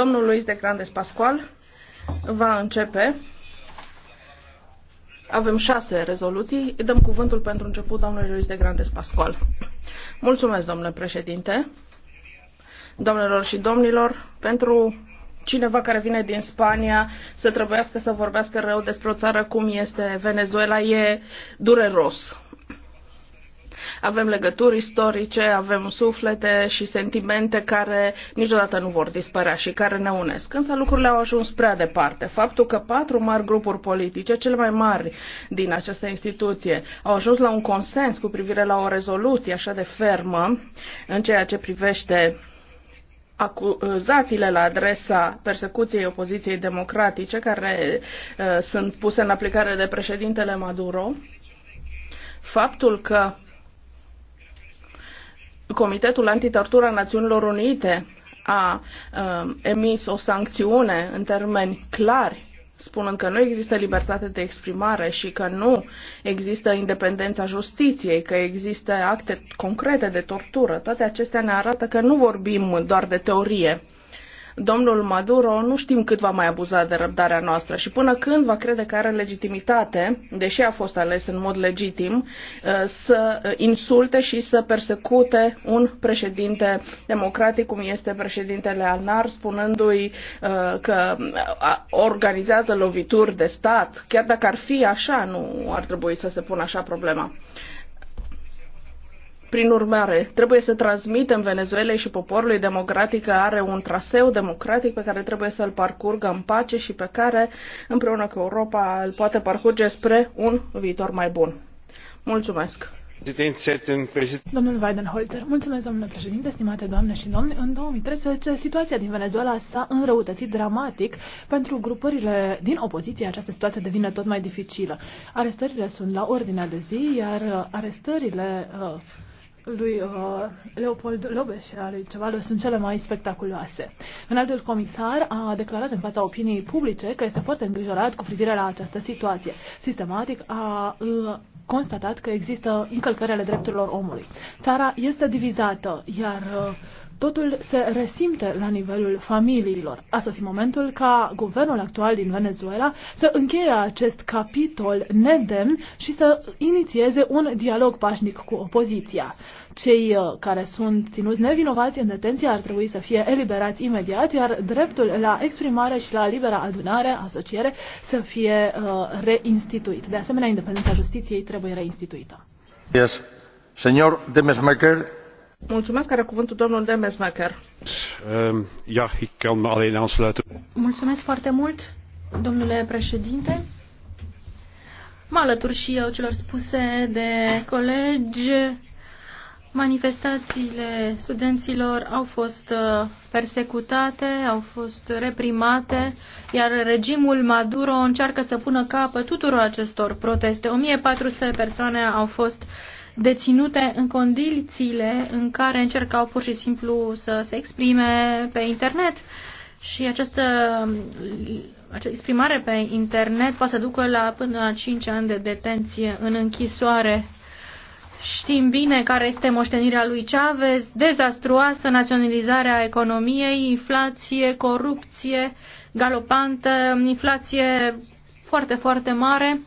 Domnul Luis de Grandes Pascual va începe. Avem șase rezoluții. Îi dăm cuvântul pentru început domnului Luis de Grandes Pascual. Mulțumesc, domnule președinte, domnilor și domnilor, pentru cineva care vine din Spania să trebuiască să vorbească rău despre o țară cum este Venezuela e dureros avem legături istorice, avem suflete și sentimente care niciodată nu vor dispărea și care ne unesc. Însă lucrurile au ajuns prea departe. Faptul că patru mari grupuri politice, cele mai mari din această instituție, au ajuns la un consens cu privire la o rezoluție așa de fermă în ceea ce privește acuzațiile la adresa persecuției opoziției democratice care uh, sunt puse în aplicare de președintele Maduro, faptul că Comitetul Antitortura Națiunilor Unite a uh, emis o sancțiune în termeni clari, spunând că nu există libertate de exprimare și că nu există independența justiției, că există acte concrete de tortură. Toate acestea ne arată că nu vorbim doar de teorie domnul Maduro nu știm cât va mai abuza de răbdarea noastră și până când va crede că are legitimitate, deși a fost ales în mod legitim, uh, să insulte și să persecute un președinte democratic, cum este președintele Alnar, spunându-i uh, că organizează lovituri de stat. Chiar dacă ar fi așa, nu ar trebui să se pună așa problema. Prin urmare, trebuie să transmitem Venezuelei și poporului democratic că are un traseu democratic pe care trebuie să-l parcurgă în pace și pe care, împreună cu Europa, îl poate parcurge spre un viitor mai bun. Mulțumesc! Domnul Weidenholzer, mulțumesc, domnule președinte, stimate doamne și domni. În 2013, situația din Venezuela s-a înrăutățit dramatic. Pentru grupările din opoziție, această situație devine tot mai dificilă. Arestările sunt la ordinea de zi, iar arestările uh, lui uh, Leopold Lobe și a lui Cevalu sunt cele mai spectaculoase. altul, comisar a declarat în fața opiniei publice că este foarte îngrijorat cu privire la această situație. Sistematic a uh, constatat că există încălcări ale drepturilor omului. Țara este divizată, iar uh, totul se resimte la nivelul familiilor. A sosit momentul ca guvernul actual din Venezuela să încheie acest capitol nedemn și să inițieze un dialog pașnic cu opoziția. Cei uh, care sunt ținuți nevinovați în detenție ar trebui să fie eliberați imediat, iar dreptul la exprimare și la libera adunare, asociere, să fie uh, reinstituit. De asemenea, independența justiției trebuie reinstituită. Yes. Señor Demesmaker, Mulțumesc, care cuvântul domnul Demesmacher. Ehm, ja, ik kan me alleen Mulțumesc foarte mult, domnule președinte. Mă alătur și eu celor spuse de colegi. Manifestațiile studenților au fost uh, persecutate, au fost reprimate, iar regimul Maduro încearcă să pună capăt tuturor acestor proteste. 1400 persoane au fost deținute în condițiile în care încercau pur și simplu să se exprime pe internet. Și această, această exprimare pe internet poate să ducă la până la 5 ani de detenție în închisoare. Știm bine care este moștenirea lui Chavez, dezastruoasă naționalizarea economiei, inflație, corupție galopantă, inflație foarte, foarte mare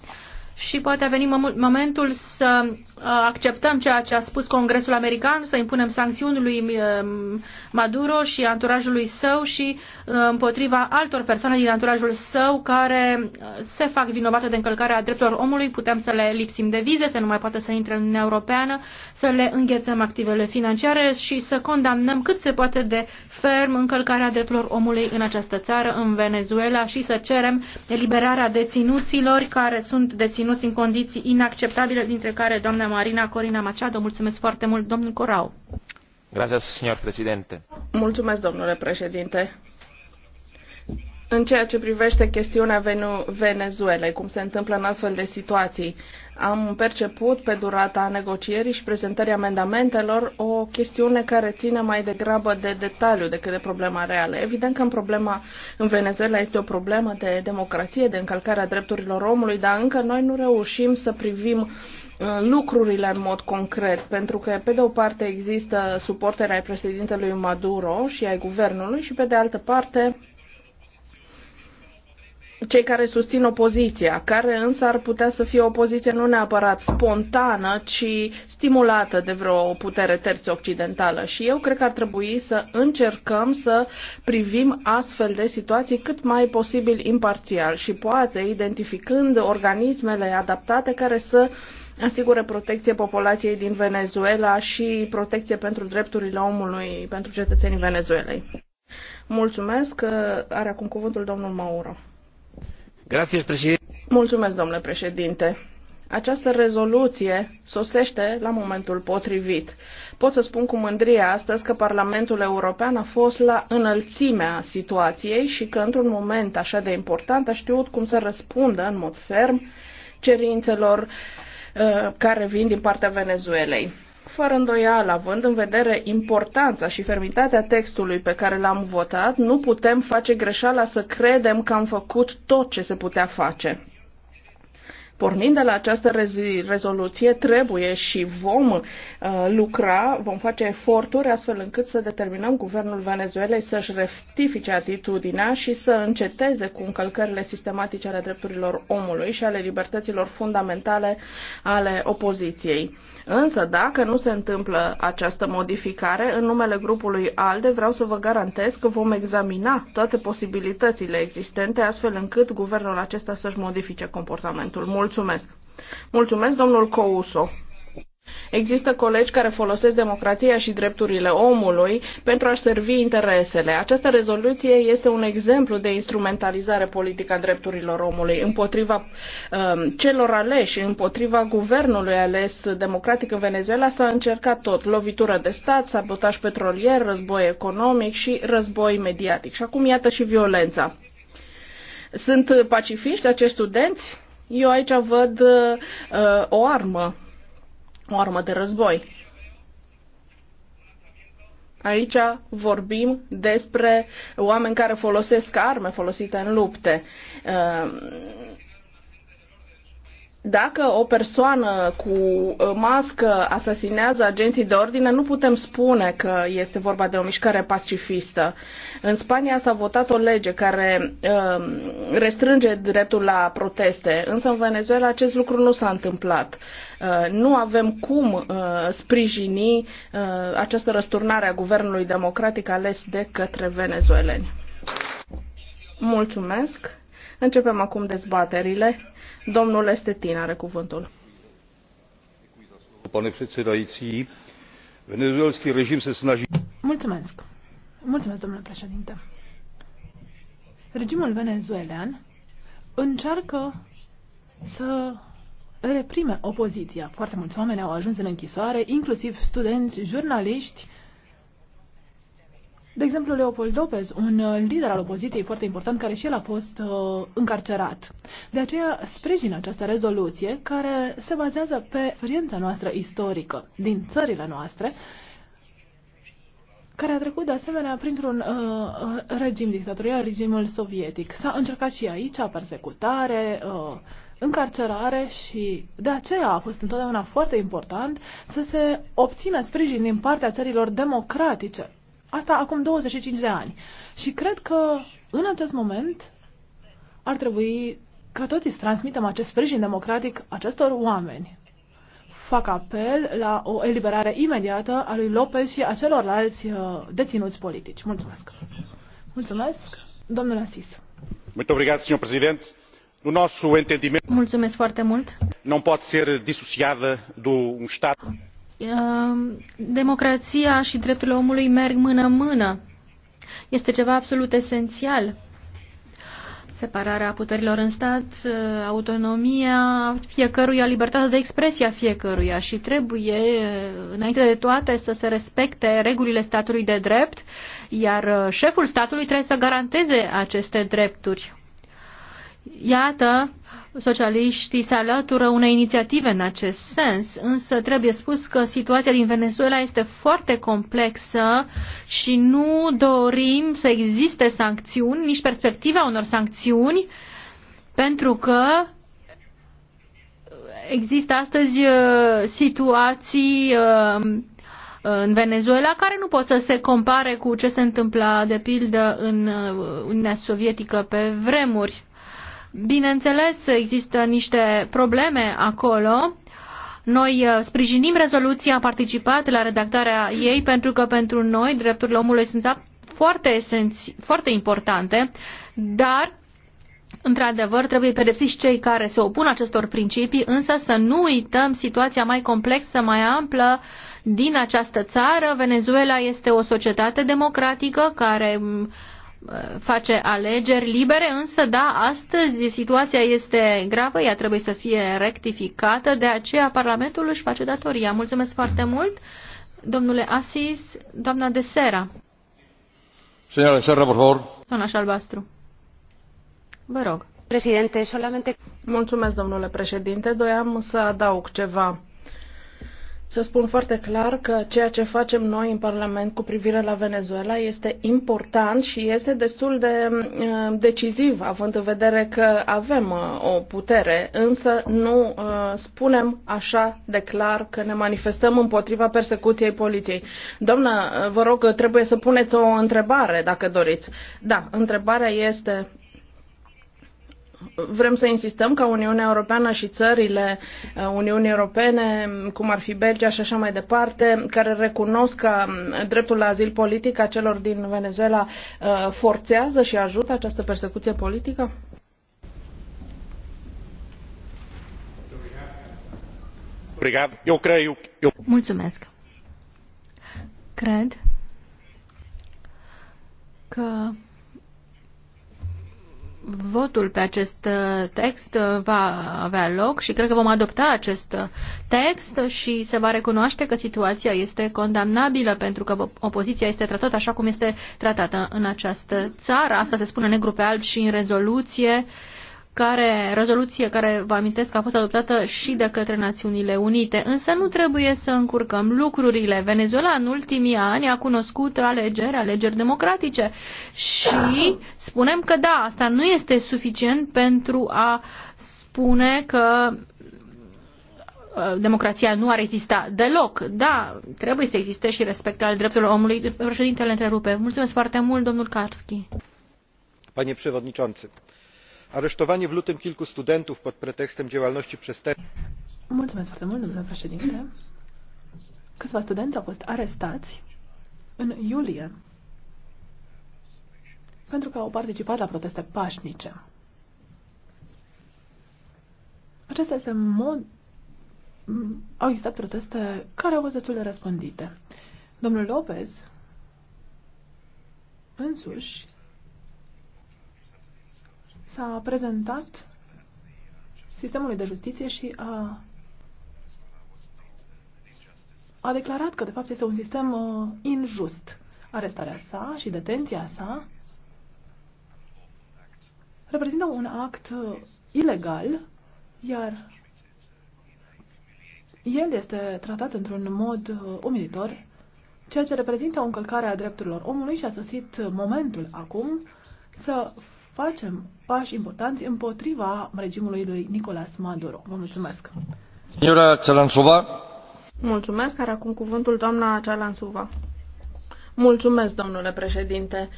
și poate a venit momentul să uh, acceptăm ceea ce a spus Congresul American, să impunem sancțiuni lui uh, Maduro și anturajului său și uh, împotriva altor persoane din anturajul său care se fac vinovate de încălcarea drepturilor omului, putem să le lipsim de vize, să nu mai poată să intre în Uniunea Europeană, să le înghețăm activele financiare și să condamnăm cât se poate de ferm încălcarea drepturilor omului în această țară, în Venezuela și să cerem eliberarea deținuților care sunt deținuți reținuți în condiții inacceptabile, dintre care doamna Marina Corina Machado. Mulțumesc foarte mult, domnul Corau. Gracias, señor presidente. Mulțumesc, domnule președinte. În ceea ce privește chestiunea Venezuelei, cum se întâmplă în astfel de situații, am perceput pe durata negocierii și prezentării amendamentelor o chestiune care ține mai degrabă de detaliu decât de problema reală. Evident că în problema în Venezuela este o problemă de democrație, de încălcarea drepturilor omului, dar încă noi nu reușim să privim uh, lucrurile în mod concret, pentru că pe de o parte există suporterea ai președintelui Maduro și ai guvernului și pe de altă parte cei care susțin opoziția, care însă ar putea să fie o opoziție nu neapărat spontană, ci stimulată de vreo putere terță occidentală. Și eu cred că ar trebui să încercăm să privim astfel de situații cât mai posibil imparțial și poate identificând organismele adaptate care să asigure protecție populației din Venezuela și protecție pentru drepturile omului pentru cetățenii Venezuelei. Mulțumesc. Are acum cuvântul domnul Mauro. Mulțumesc, domnule președinte. Această rezoluție sosește la momentul potrivit. Pot să spun cu mândrie astăzi că Parlamentul European a fost la înălțimea situației și că într-un moment așa de important a știut cum să răspundă în mod ferm cerințelor uh, care vin din partea Venezuelei. Fără îndoială, având în vedere importanța și fermitatea textului pe care l-am votat, nu putem face greșeala să credem că am făcut tot ce se putea face. Pornind de la această rezoluție, trebuie și vom uh, lucra, vom face eforturi astfel încât să determinăm guvernul Venezuelei să-și rectifice atitudinea și să înceteze cu încălcările sistematice ale drepturilor omului și ale libertăților fundamentale ale opoziției. Însă, dacă nu se întâmplă această modificare, în numele grupului ALDE vreau să vă garantez că vom examina toate posibilitățile existente astfel încât guvernul acesta să-și modifice comportamentul. Mulțumesc! Mulțumesc. Mulțumesc, domnul Couso. Există colegi care folosesc democrația și drepturile omului pentru a-și servi interesele. Această rezoluție este un exemplu de instrumentalizare politică a drepturilor omului împotriva um, celor aleși, împotriva guvernului ales democratic în Venezuela. S-a încercat tot, lovitură de stat, sabotaj petrolier, război economic și război mediatic. Și acum iată și violența. Sunt pacifiști acești studenți? Eu aici văd uh, o armă, o armă de război. Aici vorbim despre oameni care folosesc arme folosite în lupte. Uh, dacă o persoană cu uh, mască asasinează agenții de ordine, nu putem spune că este vorba de o mișcare pacifistă. În Spania s-a votat o lege care um, restrânge dreptul la proteste, însă în Venezuela acest lucru nu s-a întâmplat. Uh, nu avem cum uh, sprijini această răsturnare a guvernului democratic ales de către venezueleni. Mulțumesc. Începem acum dezbaterile. Domnul Estetin are cuvântul. Pane předsedající, venezuelský režim se snaží... Mulțumesc. Mulțumesc, domnule președinte. Regimul venezuelan încearcă să reprime opoziția. Foarte mulți oameni au ajuns în închisoare, inclusiv studenți, jurnaliști, de exemplu, Leopold Lopez, un uh, lider al opoziției foarte important, care și el a fost uh, încarcerat. De aceea sprijin această rezoluție care se bazează pe experiența noastră istorică din țările noastre, care a trecut de asemenea printr-un uh, uh regim dictatorial, regimul sovietic. S-a încercat și aici persecutare, uh, încarcerare și de aceea a fost întotdeauna foarte important să se obțină sprijin din partea țărilor democratice Asta acum 25 de ani. Și cred că în acest moment ar trebui ca toți să transmitem acest sprijin democratic acestor oameni. Fac apel la o eliberare imediată a lui Lopez și a celorlalți uh, deținuți politici. Mulțumesc! Mulțumesc, domnule Asis. Mulțumesc, domnule președinte. Mulțumesc foarte mult. Nu pode ser de un stat. Ehm, democrația și drepturile omului merg mână-mână. Este ceva absolut esențial. Separarea puterilor în stat, eh, autonomia fiecăruia, libertatea de expresie a fiecăruia și trebuie, eh, înainte de toate, să se respecte regulile statului de drept, iar eh, șeful statului trebuie să garanteze aceste drepturi. Iată, socialiștii se alătură unei inițiative în acest sens, însă trebuie spus că situația din Venezuela este foarte complexă și nu dorim să existe sancțiuni, nici perspectiva unor sancțiuni, pentru că există astăzi uh, situații uh, în Venezuela care nu pot să se compare cu ce se întâmpla, de pildă, în uh, Uniunea Sovietică pe vremuri. Bineînțeles, există niște probleme acolo. Noi uh, sprijinim rezoluția, am participat la redactarea ei pentru că pentru noi drepturile omului sunt foarte, esenți, foarte importante, dar Într-adevăr, trebuie pedepsiți cei care se opun acestor principii, însă să nu uităm situația mai complexă, mai amplă din această țară. Venezuela este o societate democratică care mm, face alegeri libere, însă da, astăzi situația este gravă, ea trebuie să fie rectificată, de aceea Parlamentul își face datoria. Mulțumesc foarte mult, domnule Asis, doamna de Sera. Señora de Serra, por favor. Doamna Șalbastru. Vă rog. Președinte, solamente... Mulțumesc, domnule președinte. Doiam să adaug ceva să spun foarte clar că ceea ce facem noi în Parlament cu privire la Venezuela este important și este destul de mm, uh, decisiv, având în vedere că avem uh, o putere, însă nu uh, spunem așa de clar că ne manifestăm împotriva persecuției poliției. Doamnă, vă rog, trebuie să puneți o întrebare, dacă doriți. Da, întrebarea este vrem să insistăm ca Uniunea Europeană și țările uh, Uniunii Europene, cum ar fi Belgia și așa mai departe, care recunosc că um, dreptul la azil politic a celor din Venezuela uh, forțează și ajută această persecuție politică? Eu cred, eu... Mulțumesc. Cred că votul pe acest uh, text uh, va avea loc și cred că vom adopta acest uh, text și se va recunoaște că situația este condamnabilă pentru că opoziția este tratată așa cum este tratată în această țară. Asta se spune negru pe alb și în rezoluție uh, care, rezoluție care, vă amintesc, a fost adoptată și de către Națiunile Unite. Însă nu trebuie să încurcăm lucrurile. Venezuela în ultimii ani a cunoscut alegeri, alegeri democratice și spunem că da, asta nu este suficient pentru a spune că uh, democrația nu ar exista deloc. Da, trebuie să existe și respect al drepturilor omului. Președintele întrerupe. Mulțumesc foarte mult, domnul Karski. Panie przewodniczący, aresztowanie w lutym kilku studentów pod pretekstem działalności przestępczej fost pentru că au participat la proteste pașnice. Acesta este mod... Au existat proteste care au fost destul de răspândite. Domnul Lopez însuși s-a prezentat sistemului de justiție și a, a declarat că, de fapt, este un sistem uh, injust. Arestarea sa și detenția sa reprezintă un act uh, ilegal, iar el este tratat într-un mod uh, umilitor, ceea ce reprezintă o încălcare a drepturilor omului și a sosit momentul acum să facem pași importanți împotriva regimului lui Nicolas Maduro. Vă mulțumesc! Iura Celansuva. Mulțumesc, are acum cuvântul doamna Cealansuva. Mulțumesc, domnule președinte.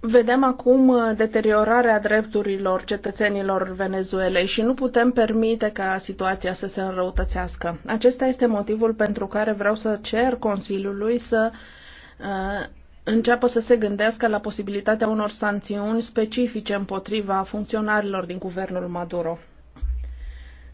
Vedem acum deteriorarea drepturilor cetățenilor Venezuelei și nu putem permite ca situația să se înrăutățească. Acesta este motivul pentru care vreau să cer Consiliului să uh, înceapă să se gândească la posibilitatea unor sancțiuni specifice împotriva funcționarilor din guvernul Maduro.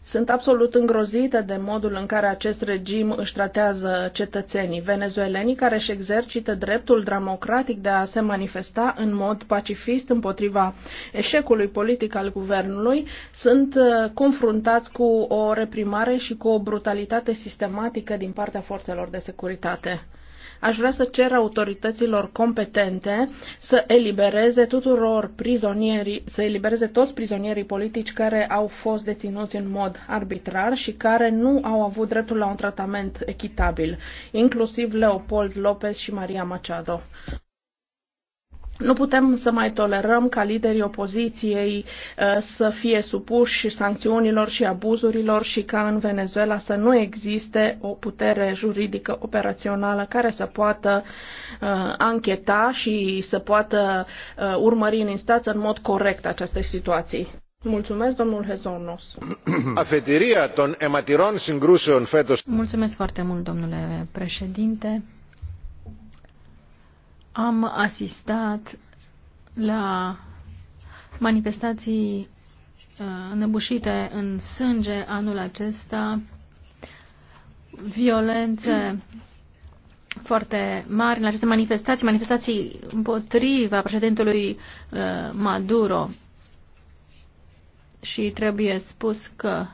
Sunt absolut îngrozită de modul în care acest regim își tratează cetățenii venezuelenii care își exercită dreptul democratic de a se manifesta în mod pacifist împotriva eșecului politic al guvernului, sunt uh, confruntați cu o reprimare și cu o brutalitate sistematică din partea forțelor de securitate. Aș vrea să cer autorităților competente să elibereze tuturor prizonierii, să elibereze toți prizonierii politici care au fost deținuți în mod arbitrar și care nu au avut dreptul la un tratament echitabil, inclusiv Leopold Lopez și Maria Machado. Nu putem să mai tolerăm ca liderii opoziției uh, să fie supuși sancțiunilor și abuzurilor și ca în Venezuela să nu existe o putere juridică operațională care să poată uh, ancheta și să poată uh, urmări în instanță în mod corect aceste situații. Mulțumesc, domnul Hezonos. Afetiria ton ematirons fetos. Mulțumesc foarte mult, domnule președinte am asistat la manifestații uh, înăbușite în sânge anul acesta, violențe foarte mari în aceste manifestații, manifestații împotriva președintelui uh, Maduro. Și trebuie spus că,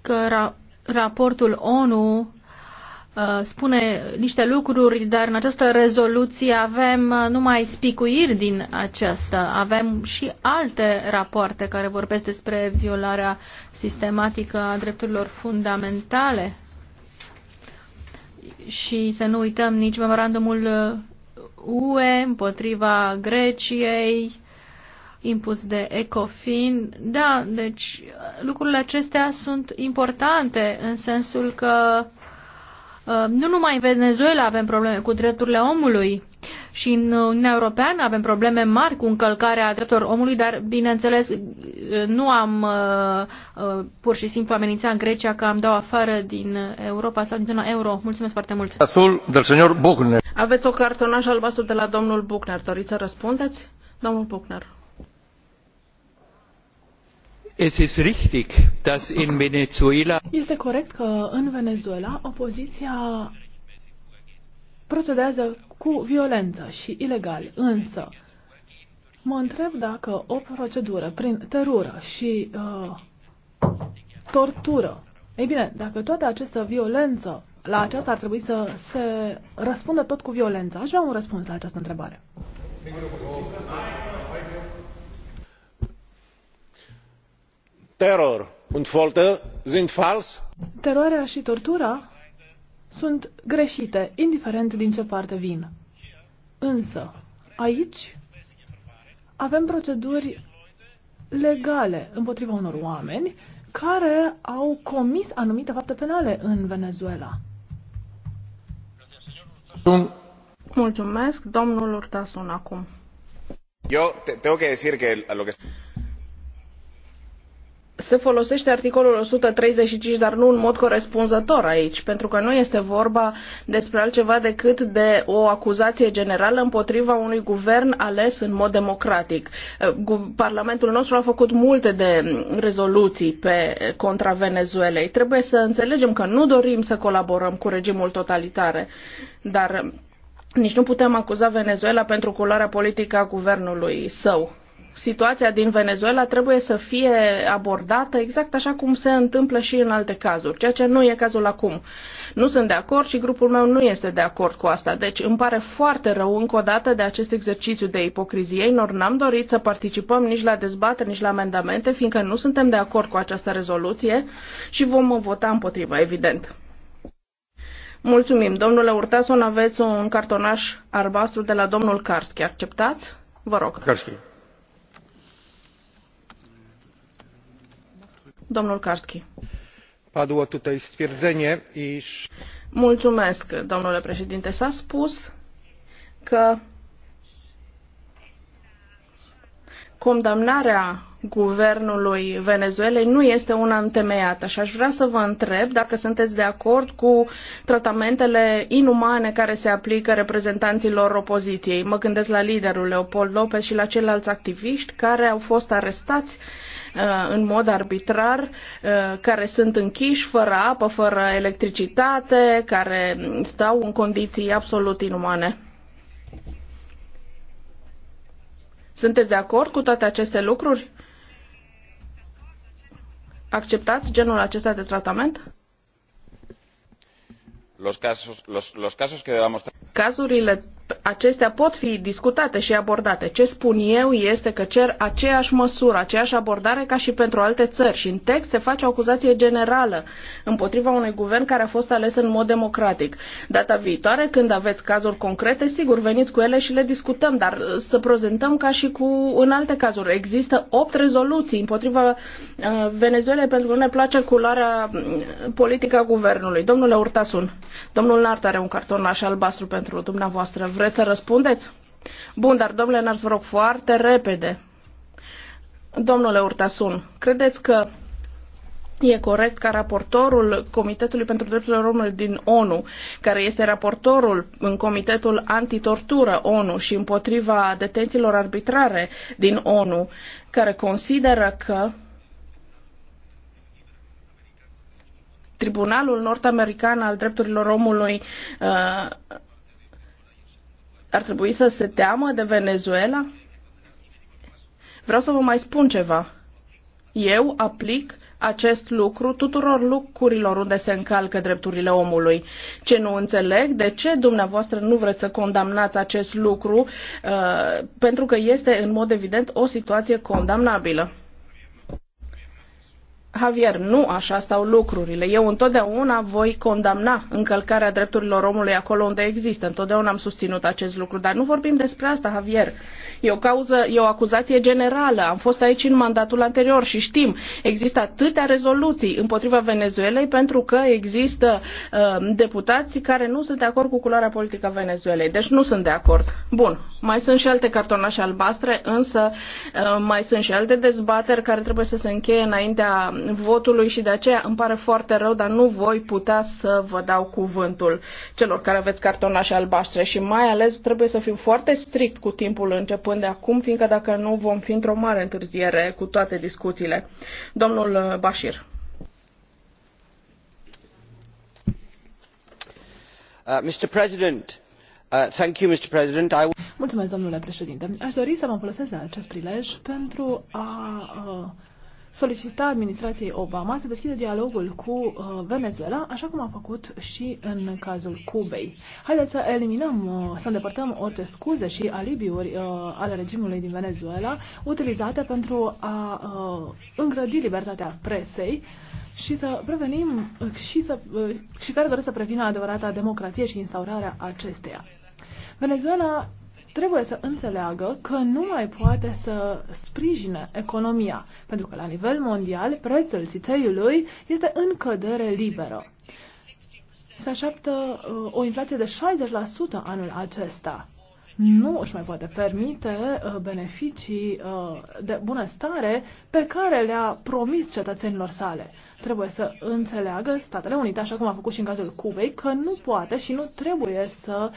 că ra raportul ONU Uh, spune niște lucruri, dar în această rezoluție avem uh, numai spicuiri din aceasta. Avem și alte rapoarte care vorbesc despre violarea sistematică a drepturilor fundamentale. Și să nu uităm nici memorandumul UE uh, împotriva Greciei, impus de ECOFIN. Da, deci lucrurile acestea sunt importante în sensul că Ehm, nu numai în Venezuela avem probleme cu drepturile omului și în Uniunea Europeană avem probleme mari cu încălcarea drepturilor omului, dar bineînțeles eh, nu am eh, eh, pur și simplu amenințat în Grecia că am dau afară din Europa sau din zona euro. Mulțumesc foarte mult. Aveți o cartonaș albastru de la domnul Buchner. Doriți să răspundeți? Domnul Buchner este corect că în Venezuela opoziția procedează cu violență și ilegal, însă mă întreb dacă o procedură prin terură și uh, tortură, ei bine, dacă toată această violență, la aceasta ar trebui să se răspundă tot cu violență. Aș vrea un răspuns la această întrebare. terror und folter sind falsch. Teroarea și tortura sunt greșite, indiferent din ce parte vin. Însă, aici avem proceduri legale împotriva unor oameni care au comis anumite fapte penale în Venezuela. Mulțumesc, domnul Urtasun, acum. Eu trebuie să decir que lo que se folosește articolul 135, dar nu în mod corespunzător aici, pentru că nu este vorba despre altceva decât de o acuzație generală împotriva unui guvern ales în mod democratic. Eh, Parlamentul nostru a făcut multe de rezoluții pe contra Venezuelei. Trebuie să înțelegem că nu dorim să colaborăm cu regimul totalitare, dar nici nu putem acuza Venezuela pentru culoarea politică a guvernului său situația din Venezuela trebuie să fie abordată exact așa cum se întâmplă și în alte cazuri, ceea ce nu e cazul acum. Nu sunt de acord și grupul meu nu este de acord cu asta. Deci îmi pare foarte rău încă o dată de acest exercițiu de ipocrizie, nor n-am dorit să participăm nici la dezbatere nici la amendamente, fiindcă nu suntem de acord cu această rezoluție și vom vota împotriva, evident. Mulțumim. Domnule Urtason, aveți un cartonaș albastru de la domnul Karski. Acceptați? Vă rog. Karski. Domnul Karski. Padło tutaj stwierdzenie, iż... Mulțumesc, domnule președinte. S-a spus că condamnarea guvernului Venezuelei nu este una întemeiată și aș vrea să vă întreb dacă sunteți de acord cu tratamentele inumane care se aplică reprezentanților opoziției. Mă gândesc la liderul Leopold Lopez și la ceilalți activiști care au fost arestați Uh, în mod arbitrar, uh, care sunt închiși fără apă, fără electricitate, care stau în condiții absolut inumane. Sunteți de acord cu toate aceste lucruri? Acceptați genul acesta de tratament? Los casos, los, los casos que Cazurile acestea pot fi discutate și abordate. Ce spun eu este că cer aceeași măsură, aceeași abordare ca și pentru alte țări și în text se face o acuzație generală împotriva unui guvern care a fost ales în mod democratic. Data viitoare, când aveți cazuri concrete, sigur, veniți cu ele și le discutăm, dar să prezentăm ca și cu în alte cazuri. Există opt rezoluții împotriva uh, Venezuela pentru că nu ne place culoarea mm, politică a guvernului. Domnule Urtasun, domnul Nart are un așa albastru pentru dumneavoastră Vreți să răspundeți? Bun, dar domnule Nars, vă rog foarte repede. Domnule Urtasun, credeți că E corect ca raportorul Comitetului pentru Drepturile Omului din ONU, care este raportorul în Comitetul Antitortură ONU și împotriva detențiilor arbitrare din ONU, care consideră că Tribunalul Nord-American al Drepturilor Omului uh, ar trebui să se teamă de Venezuela? Vreau să vă mai spun ceva. Eu aplic acest lucru tuturor lucrurilor unde se încalcă drepturile omului. Ce nu înțeleg, de ce dumneavoastră nu vreți să condamnați acest lucru, uh, pentru că este în mod evident o situație condamnabilă. Javier, nu așa stau lucrurile. Eu întotdeauna voi condamna încălcarea drepturilor omului acolo unde există. Întotdeauna am susținut acest lucru, dar nu vorbim despre asta, Javier. E o cauză, e o acuzație generală. Am fost aici în mandatul anterior și știm, există atâtea rezoluții împotriva Venezuelei pentru că există uh, deputați care nu sunt de acord cu culoarea politică a Venezuelei. Deci nu sunt de acord. Bun, mai sunt și alte cartonașe albastre, însă uh, mai sunt și alte dezbateri care trebuie să se încheie înaintea votului și de aceea îmi pare foarte rău, dar nu voi putea să vă dau cuvântul celor care aveți cartonașe albastre și mai ales trebuie să fim foarte strict cu timpul începând de acum, fiindcă dacă nu vom fi într-o mare întârziere cu toate discuțiile. Domnul Bașir. Uh, Mr. Uh, President, Uh, Mulțumesc, domnule președinte. Aș dori să mă folosesc de acest prilej pentru a uh, solicita administrației Obama să deschidă dialogul cu uh, Venezuela, așa cum a făcut și în cazul Cubei. Haideți să eliminăm, să îndepărtăm orice scuze și alibiuri ale regimului din Venezuela utilizate pentru a îngrădi libertatea presei și să prevenim și, să, și care doresc să prevină adevărata democrație și instaurarea acesteia. Venezuela trebuie să înțeleagă că nu mai poate să sprijine economia, pentru că la nivel mondial prețul țițeiului este în cădere liberă. Se așteaptă uh, o inflație de 60% anul acesta. Nu își mai poate permite uh, beneficii uh, de bunăstare pe care le-a promis cetățenilor sale. Trebuie să înțeleagă Statele Unite, așa cum a făcut și în cazul Cubei, că nu poate și nu trebuie să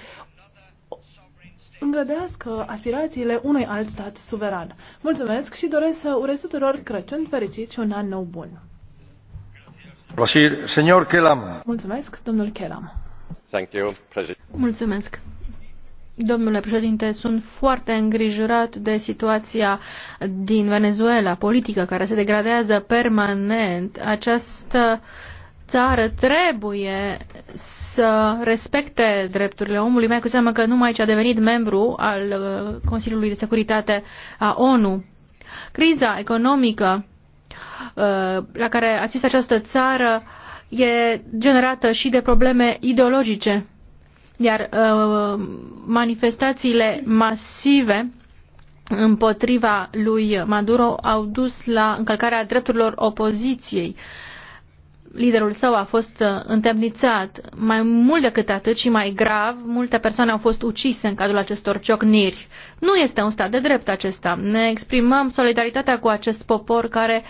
îngrădească aspirațiile unui alt stat suveran. Mulțumesc și doresc să urez tuturor Crăciun fericit și un an nou bun. Mulțumesc, domnul Kelam. Thank you, Mulțumesc. Domnule președinte, sunt foarte îngrijorat de situația din Venezuela, politică care se degradează permanent. Această uh, țară trebuie să respecte drepturile omului, mai cu seamă că numai ce a devenit membru al uh, Consiliului de Securitate a ONU. Criza economică uh, la care asistă această țară e generată și de probleme ideologice, iar uh, manifestațiile masive împotriva lui Maduro au dus la încălcarea drepturilor opoziției. Uh, liderul său a fost uh, întemnițat. Mai mult decât atât și mai grav, multe persoane au fost ucise în cadrul acestor ciocniri. Nu este un stat de drept acesta. Ne exprimăm solidaritatea cu acest popor care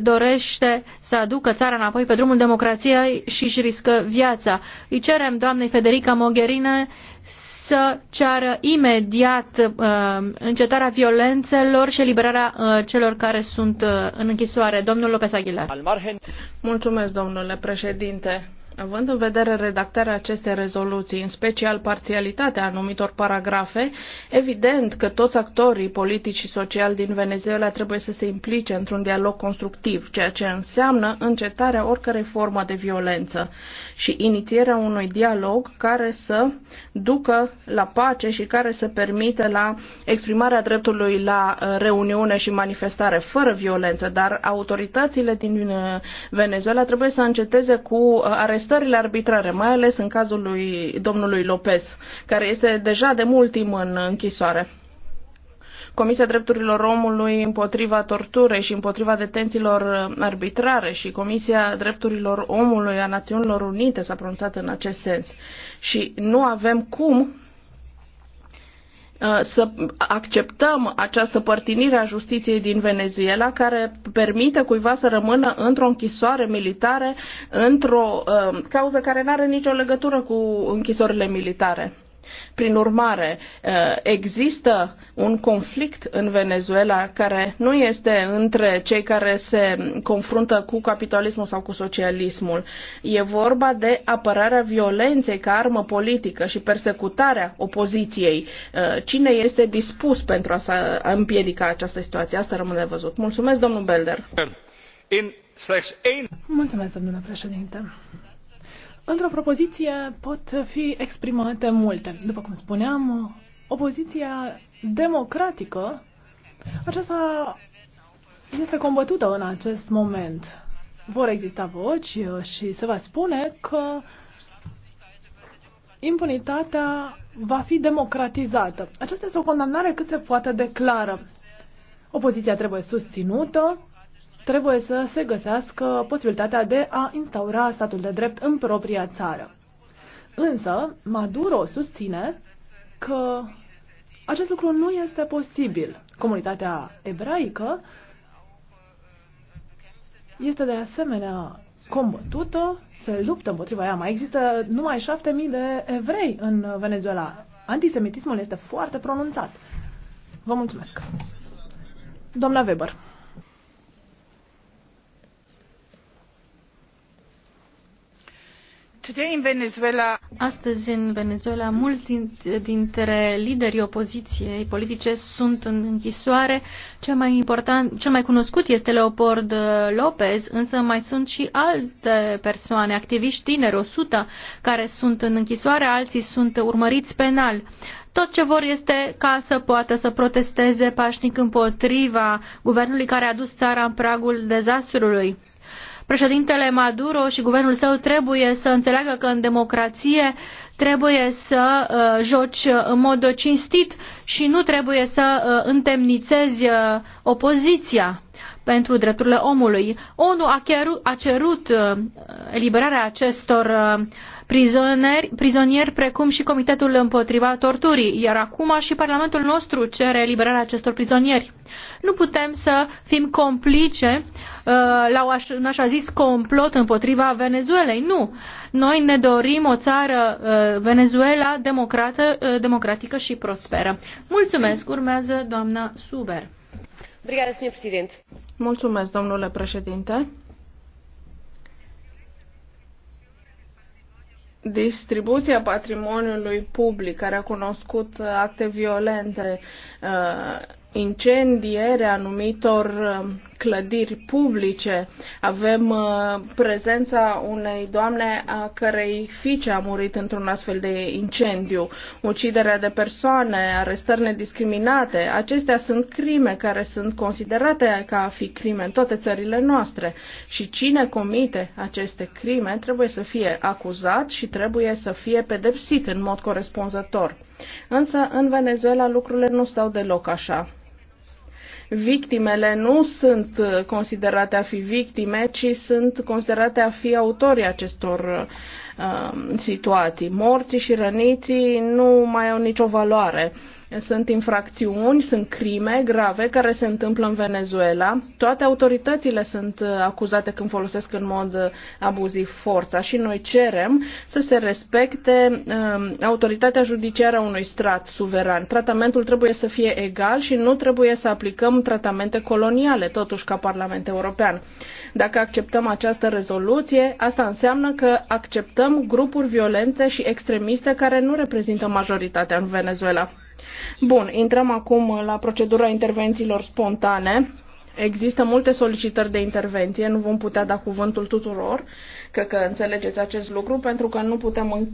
dorește să aducă țara înapoi pe drumul democrației și își riscă viața. Îi cerem doamnei Federica Mogherine să ceară imediat uh, încetarea violențelor și eliberarea uh, celor care sunt uh, în închisoare. Domnul Lopez Aguilar. Mulțumesc, domnule președinte. Având în vedere redactarea acestei rezoluții, în special parțialitatea anumitor paragrafe, evident că toți actorii politici și sociali din Venezuela trebuie să se implice într-un dialog constructiv, ceea ce înseamnă încetarea oricărei formă de violență și inițierea unui dialog care să ducă la pace și care să permită la exprimarea dreptului la uh, reuniune și manifestare fără violență, dar autoritățile din uh, Venezuela trebuie să înceteze cu uh, arestarea arestările arbitrare, mai ales în cazul lui domnului Lopez, care este deja de mult timp în închisoare. Comisia Drepturilor Omului împotriva torturei și împotriva detențiilor arbitrare și Comisia Drepturilor Omului a Națiunilor Unite s-a pronunțat în acest sens. Și nu avem cum Uh, să acceptăm această părtinire a justiției din Venezuela care permite cuiva să rămână într-o închisoare militare, într-o uh, cauză care nu are nicio legătură cu închisorile militare. Prin urmare, eh, există un conflict în Venezuela care nu este între cei care se confruntă cu capitalismul sau cu socialismul. E vorba de apărarea violenței ca armă politică și persecutarea opoziției. Eh, cine este dispus pentru a, împiedica această situație? Asta rămâne văzut. Mulțumesc, domnul Belder. Mulțumesc, domnule președinte. Într-o propoziție pot fi exprimate multe. După cum spuneam, opoziția democratică, aceasta este combătută în acest moment. Vor exista voci și se va spune că impunitatea va fi democratizată. Aceasta este o condamnare cât se poate declară. Opoziția trebuie susținută, trebuie să se găsească posibilitatea de a instaura statul de drept în propria țară. Însă, Maduro susține că acest lucru nu este posibil. Comunitatea ebraică este de asemenea combătută, se luptă împotriva ea. Mai există numai șapte mii de evrei în Venezuela. Antisemitismul este foarte pronunțat. Vă mulțumesc. Doamna Weber. Astăzi în Venezuela mulți dintre liderii opoziției politice sunt în închisoare. Cel mai important, cel mai cunoscut este Leopold uh, Lopez, însă mai sunt și alte persoane, activiști tineri, 100, care sunt în închisoare, alții sunt urmăriți penal. Tot ce vor este ca să poată să protesteze pașnic împotriva guvernului care a dus țara în pragul dezastrului Președintele Maduro și guvernul său trebuie să înțeleagă că în democrație trebuie să uh, joci în mod cinstit și nu trebuie să uh, întemnițezi uh, opoziția pentru drepturile omului. ONU a, cheru, a cerut uh, eliberarea acestor uh, prizonieri, prizonieri, precum și Comitetul împotriva torturii, iar acum și Parlamentul nostru cere eliberarea acestor prizonieri. Nu putem să fim complice uh, la un așa zis complot împotriva Venezuelei. Nu! Noi ne dorim o țară Venezuela democrată, democratică și prosperă. Mulțumesc! Urmează doamna Suber. Mulțumesc, domnule președinte. distribuția patrimoniului public care a cunoscut acte violente, uh, incendierea anumitor uh, clădiri publice. Avem uh, prezența unei doamne a cărei fiice a murit într-un astfel de incendiu, uciderea de persoane, arestări nediscriminate. Acestea sunt crime care sunt considerate ca a fi crime în toate țările noastre și cine comite aceste crime trebuie să fie acuzat și trebuie să fie pedepsit în mod corespunzător. Însă în Venezuela lucrurile nu stau deloc așa victimele nu sunt considerate a fi victime, ci sunt considerate a fi autorii acestor Um, situații. Morții și răniții nu mai au nicio valoare. Sunt infracțiuni, sunt crime grave care se întâmplă în Venezuela. Toate autoritățile sunt uh, acuzate când folosesc în mod uh, abuziv forța și noi cerem să se respecte um, autoritatea judiciară a unui stat suveran. Tratamentul trebuie să fie egal și nu trebuie să aplicăm tratamente coloniale, totuși ca Parlament European. Dacă acceptăm această rezoluție, asta înseamnă că acceptăm abordăm grupuri violente și extremiste care nu reprezintă majoritatea în Venezuela. Bun, intrăm acum la procedura intervențiilor spontane. Există multe solicitări de intervenție, nu vom putea da cuvântul tuturor. Cred că înțelegeți acest lucru pentru că nu putem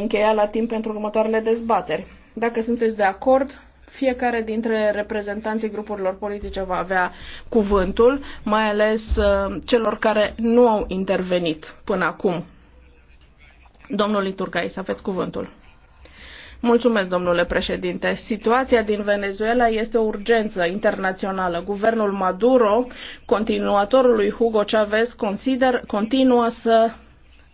încheia la timp pentru următoarele dezbateri. Dacă sunteți de acord, fiecare dintre reprezentanții grupurilor politice va avea cuvântul, mai ales celor care nu au intervenit până acum. Domnului Turcai, să aveți cuvântul. Mulțumesc, domnule președinte. Situația din Venezuela este o urgență internațională. Guvernul Maduro, continuatorul lui Hugo Chavez, consider, continuă să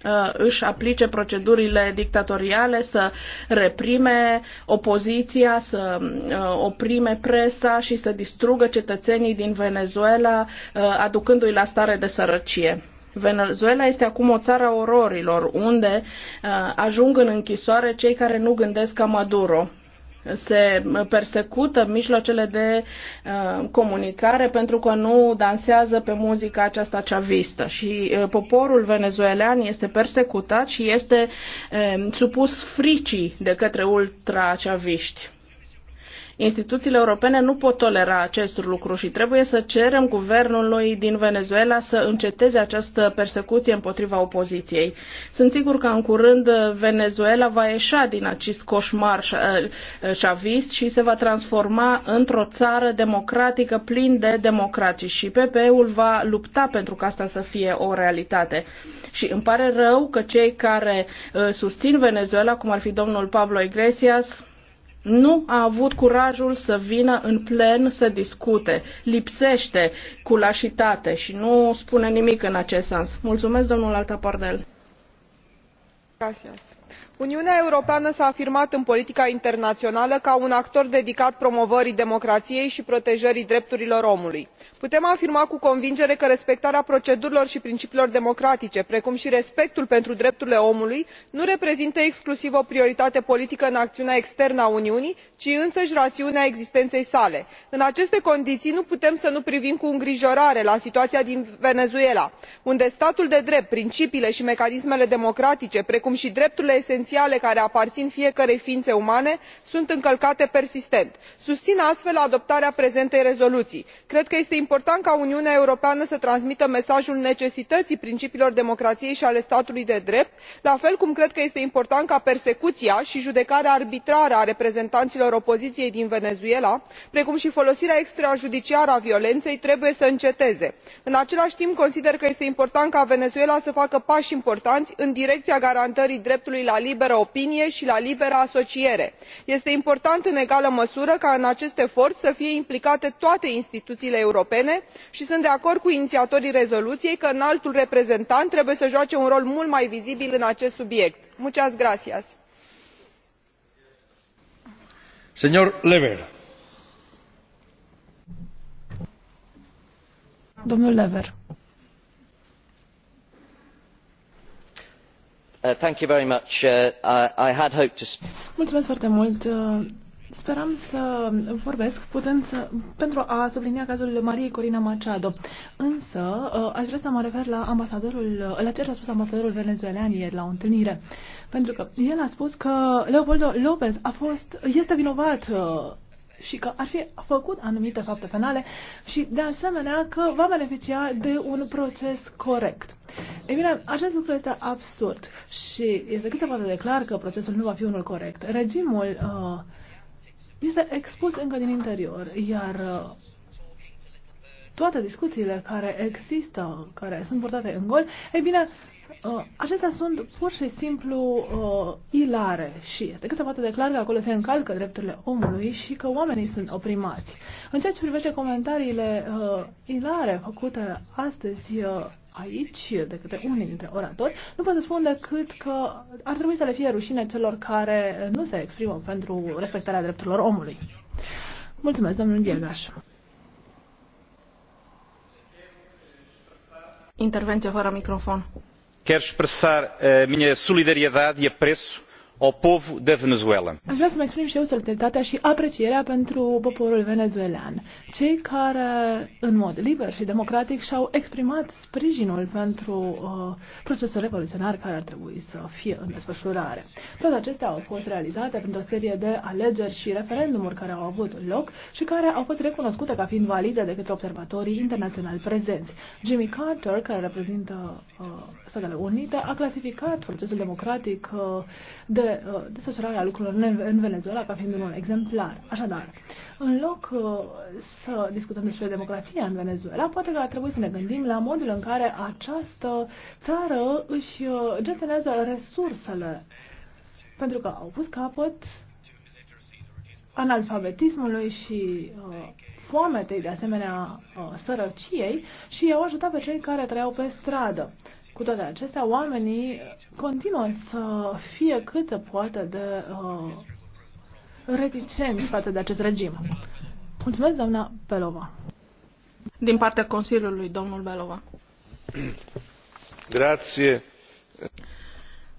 uh, își aplice procedurile dictatoriale, să reprime opoziția, să uh, oprime presa și să distrugă cetățenii din Venezuela, uh, aducându-i la stare de sărăcie. Venezuela este acum o țară a ororilor, unde uh, ajung în închisoare cei care nu gândesc ca Maduro se persecută mijloacele de uh, comunicare pentru că nu dansează pe muzica aceasta ceavistă și uh, poporul venezuelan este persecutat și este uh, supus fricii de către ultra ultra-ceaviști. Instituțiile europene nu pot tolera acest lucru și trebuie să cerem guvernului din Venezuela să înceteze această persecuție împotriva opoziției. Sunt sigur că în curând Venezuela va ieșa din acest coșmar chavist eh, și se va transforma într-o țară democratică plin de democrații și PPE-ul va lupta pentru ca asta să fie o realitate. Și îmi pare rău că cei care eh, susțin Venezuela, cum ar fi domnul Pablo Iglesias, nu a avut curajul să vină în plen să discute. Lipsește culașitate și nu spune nimic în acest sens. Mulțumesc, domnul Altapardel. Gracias uniunea europeană s a afirmat în politica internațională ca un actor dedicat promovării democrației și protejării drepturilor omului. putem afirma cu convingere că respectarea procedurilor și principiilor democratice precum și respectul pentru drepturile omului nu reprezintă exclusiv o prioritate politică în acțiunea externă a uniunii ci însăși rațiunea existenței sale. în aceste condiții nu putem să nu privim cu îngrijorare la situația din venezuela unde statul de drept principiile și mecanismele democratice precum și drepturile esențiale esențiale care aparțin fiecărei ființe umane sunt încălcate persistent. susțin astfel adoptarea prezentei rezoluții. cred că este important ca uniunea europeană să transmită mesajul necesității principiilor democrației și ale statului de drept la fel cum cred că este important ca persecuția și judecarea arbitrară a reprezentanților opoziției din venezuela precum și folosirea extrajudiciară a violenței trebuie să înceteze. în același timp consider că este important ca venezuela să facă pași importanți în direcția garantării dreptului la liberă opinie și la libera asociere. este important în egală măsură ca în acest efort să fie implicate toate instituțiile europene și sunt de acord cu inițiatorii rezoluției că înaltul reprezentant trebuie să joace un rol mult mai vizibil în acest subiect. domnule lever Mulțumesc foarte mult. Uh, speram să vorbesc putând să, pentru a sublinia cazul Mariei Corina Machado. Însă, uh, aș vrea să mă refer la ambasadorul, la ce a spus ambasadorul venezuelan ieri la o întâlnire. Pentru că el a spus că Leopoldo López a fost, este vinovat uh, și că ar fi făcut anumite fapte penale și, de asemenea, că va beneficia de un proces corect. Ei bine, acest lucru este absurd și este cât se poate declar că procesul nu va fi unul corect. Regimul uh, este expus încă din interior, iar uh, toate discuțiile care există, care sunt portate în gol, ei bine, Uh, acestea sunt pur și simplu uh, ilare și este câte poate de clar că acolo se încalcă drepturile omului și că oamenii sunt oprimați. În ceea ce privește comentariile uh, ilare făcute astăzi uh, aici de către unii dintre oratori, nu pot să spun decât că ar trebui să le fie rușine celor care nu se exprimă pentru respectarea drepturilor omului. Mulțumesc, domnul Ghegaș. Intervenție fără microfon quero expressar eh, a minha solidariedade e apreço o povo da Venezuela. Aș vrea să mai exprim și eu solidaritatea și aprecierea pentru poporul venezuelan. Cei care, în mod liber și democratic, și-au exprimat sprijinul pentru uh, procesul revoluționar care ar trebui să fie în desfășurare. Toate acestea au fost realizate printr-o serie de alegeri și referendumuri care au avut loc și care au fost recunoscute ca fiind valide de către observatorii internaționali prezenți. Jimmy Carter, care reprezintă uh, Statele Unite, a clasificat procesul democratic uh, de de uh, lucrurilor în, în Venezuela ca fiind un exemplar. Așadar, în loc uh, să discutăm despre democrația în Venezuela, poate că ar trebui să ne gândim la modul în care această țară își uh, gestionează resursele, pentru că au pus capăt analfabetismului și uh, foametei, de asemenea uh, sărăciei și i-au ajutat pe cei care trăiau pe stradă. Cu toate acestea, oamenii continuă să fie cât se poate de uh, reticenți față de acest regim. Mulțumesc, doamna Belova. Din partea Consiliului, domnul Belova. Grație.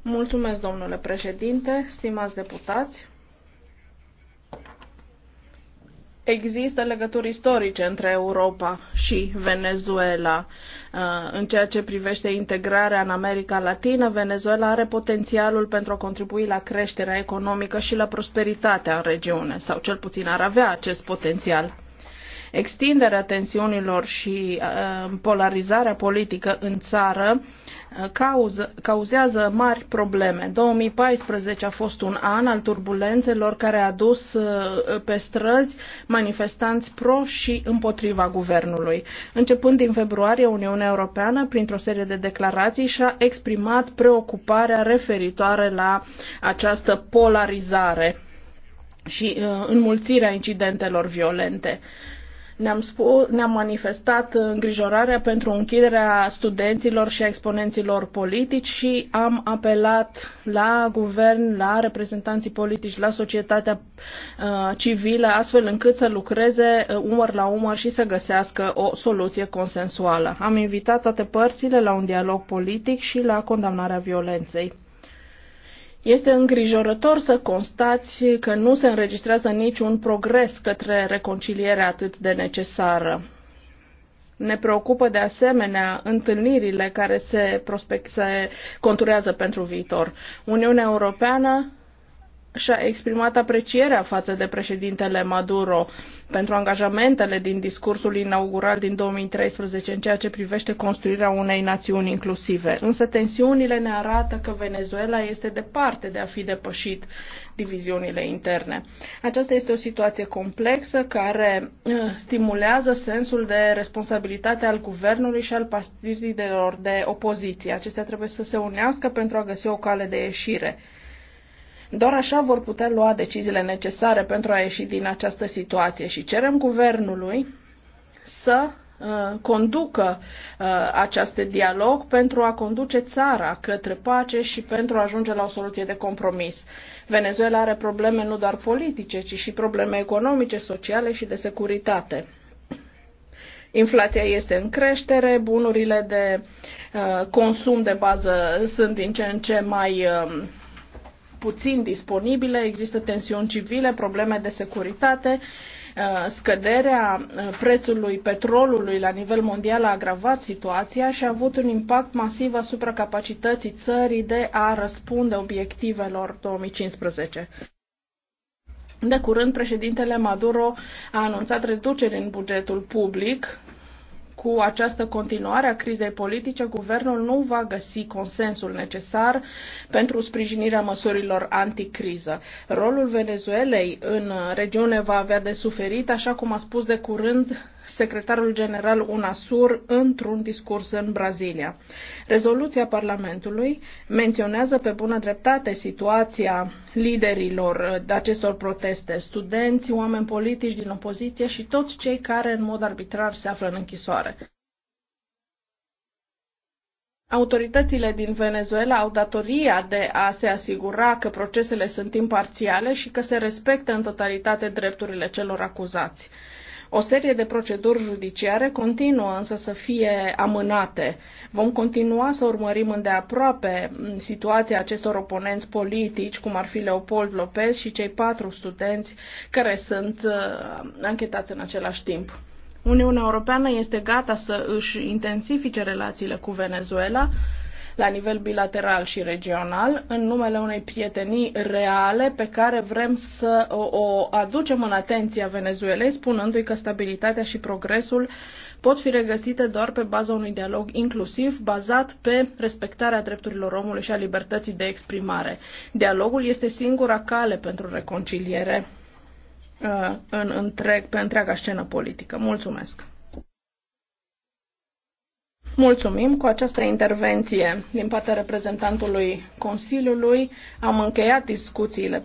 Mulțumesc, domnule președinte, stimați deputați. Există legături istorice între Europa și Venezuela. Uh, în ceea ce privește integrarea în America Latină, Venezuela are potențialul pentru a contribui la creșterea economică și la prosperitatea în regiune, sau cel puțin ar avea acest potențial extinderea tensiunilor și uh, polarizarea politică în țară uh, cauză, cauzează mari probleme. 2014 a fost un an al turbulențelor care a dus uh, pe străzi manifestanți pro și împotriva guvernului. Începând din februarie, Uniunea Europeană, printr-o serie de declarații, și-a exprimat preocuparea referitoare la această polarizare și uh, înmulțirea incidentelor violente. Uh, ne-am, ne manifestat îngrijorarea pentru închiderea studenților și a exponenților politici și am apelat la guvern, la reprezentanții politici, la societatea uh, civilă, astfel încât să lucreze uh, umăr la umăr și să găsească o soluție consensuală. Am invitat toate părțile la un dialog politic și la condamnarea violenței. Este îngrijorător să constați că nu se înregistrează niciun progres către reconcilierea atât de necesară. Ne preocupă de asemenea întâlnirile care se, prospect, se conturează pentru viitor. Uniunea Europeană și-a exprimat aprecierea față de președintele Maduro pentru angajamentele din discursul inaugural din 2013 în ceea ce privește construirea unei națiuni inclusive. Însă tensiunile ne arată că Venezuela este departe de a fi depășit diviziunile interne. Aceasta este o situație complexă care eh, stimulează sensul de responsabilitate al guvernului și al partidelor de opoziție. Acestea trebuie să se unească pentru a găsi o cale de ieșire. Doar așa vor putea lua deciziile necesare pentru a ieși din această situație și cerem guvernului să uh, conducă uh, acest dialog pentru a conduce țara către pace și pentru a ajunge la o soluție de compromis. Venezuela are probleme nu doar politice, ci și probleme economice, sociale și de securitate. Inflația este în creștere, bunurile de uh, consum de bază sunt din ce în ce mai uh, puțin disponibile, există tensiuni civile, probleme de securitate, uh, scăderea uh, prețului petrolului la nivel mondial a agravat situația și a avut un impact masiv asupra capacității țării de a răspunde obiectivelor 2015. De curând, președintele Maduro a anunțat reduceri în bugetul public cu această continuare a crizei politice, guvernul nu va găsi consensul necesar pentru sprijinirea măsurilor anticriză. Rolul Venezuelei în regiune va avea de suferit, așa cum a spus de curând secretarul general UNASUR într-un discurs în Brazilia. Rezoluția Parlamentului menționează pe bună dreptate situația liderilor uh, de acestor proteste, studenți, oameni politici din opoziție și toți cei care în mod arbitrar se află în închisoare. Autoritățile din Venezuela au datoria de a se asigura că procesele sunt imparțiale și că se respectă în totalitate drepturile celor acuzați. O serie de proceduri judiciare continuă însă să fie amânate. Vom continua să urmărim îndeaproape situația acestor oponenți politici, cum ar fi Leopold Lopez și cei patru studenți care sunt uh, anchetați în același timp. Uniunea Europeană este gata să își intensifice relațiile cu Venezuela la nivel bilateral și regional, în numele unei prietenii reale pe care vrem să o aducem în atenția Venezuelei, spunându-i că stabilitatea și progresul pot fi regăsite doar pe baza unui dialog inclusiv bazat pe respectarea drepturilor omului și a libertății de exprimare. Dialogul este singura cale pentru reconciliere uh, în întreg, pe întreaga scenă politică. Mulțumesc! Mulțumim cu această intervenție din partea reprezentantului Consiliului. Am încheiat discuțiile.